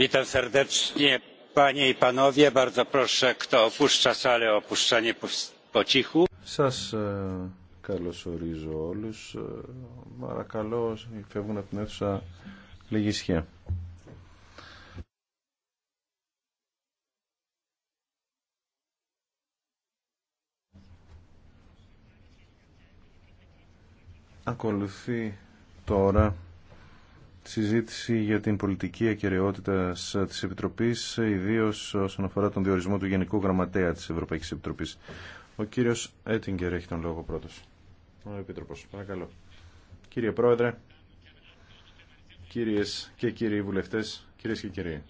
witam serdecznie panie i panowie bardzo proszę kto opuszcza salę o opuszczanie po cichu. Σας καλωσορίζω όλους. Παρακαλώ, φεύγουν από την αίθουσα λίγη ισχύα. Ακολουθεί τώρα συζήτηση για την πολιτική ακαιρεότητα της Επιτροπή, ιδίω όσον αφορά τον διορισμό του Γενικού Γραμματέα της Ευρωπαϊκής Επιτροπή. Ο κύριος Έτιγκερ έχει τον λόγο πρώτος. Ο επίτροπο. παρακαλώ. Κύριε Πρόεδρε, κύριες και κύριοι βουλευτές, κυρίες και κύριοι,